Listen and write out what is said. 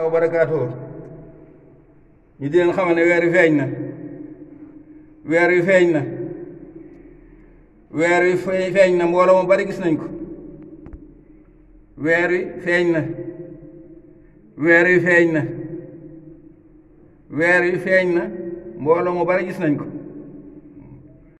wa barakaatuhu ñi di leen ne weer wi na weer wi feeñ na weer wi feeñ na mbooloo mu bari gis nañ ko weer wi feeñ na weer wi feeñ na weer yi feeñ na mbooloo mu bari gis nañ ko